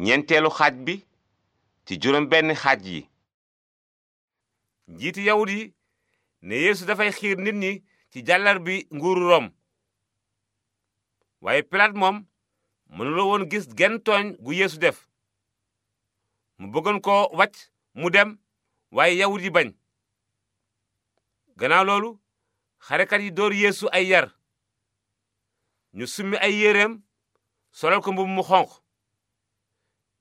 ñeenteelu xaaj bi ci juróom xaaj yi njiiti yawut yi ne yeesu dafay xiir nit ñi ci jàllar bi nguuru waaye pilaat moom mënuloo woon gis genn tooñ gu yeesu def mu bëggoon ko wàcc mu dem waaye yawut yi bañ gannaaw loolu xarekat yi dóor yéesu ay yar ñu summi ay yéreem solal ko mbubb mu xonq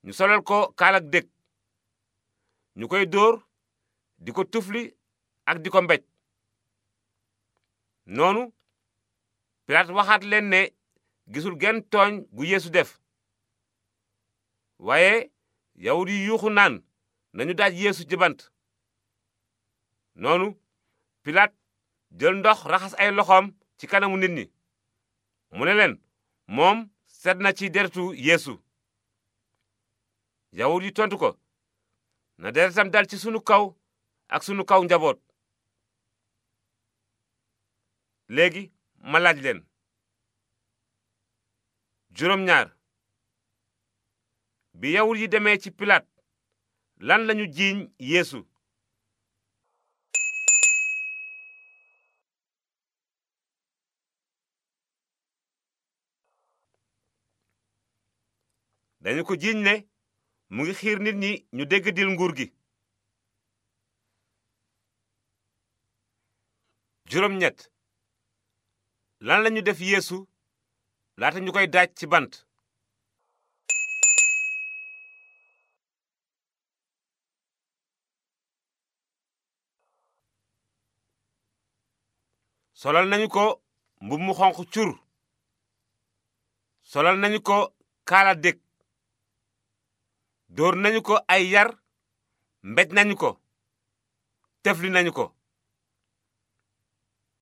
ñu solal ko kaalak dég ñu koy dóor di ko tufli ak di ko mbéj noonu pilaat waxaat leen ne gisul genn tooñ gu yeesu def waaye yawut yi yuuxu naan nañu daaj yéesu ci noonu pilaat jël ndox raxas ay loxoom ci kanamu nit ñi mu ne leen moom set na ci deretu yéesu yawut yi tontu ko na deretam dal ci sunu kaw ak sunu kaw njaboot léegi ma laaj leen juróom ñaar bi yawut yi demee ci pilaat lan lañu jiiñ yeesu dañu ko jiiñ ne mu ngi xiir nit ñi ñu dégg dil nguur gi juróom ñett lan lañu def yéesu laata ñu koy daaj ci bant solal nañu ko mbubb mu xonq cur solal nañu ko kaala dég dóor nañu ko ay yar mbéj nañu ko tefli nañu ko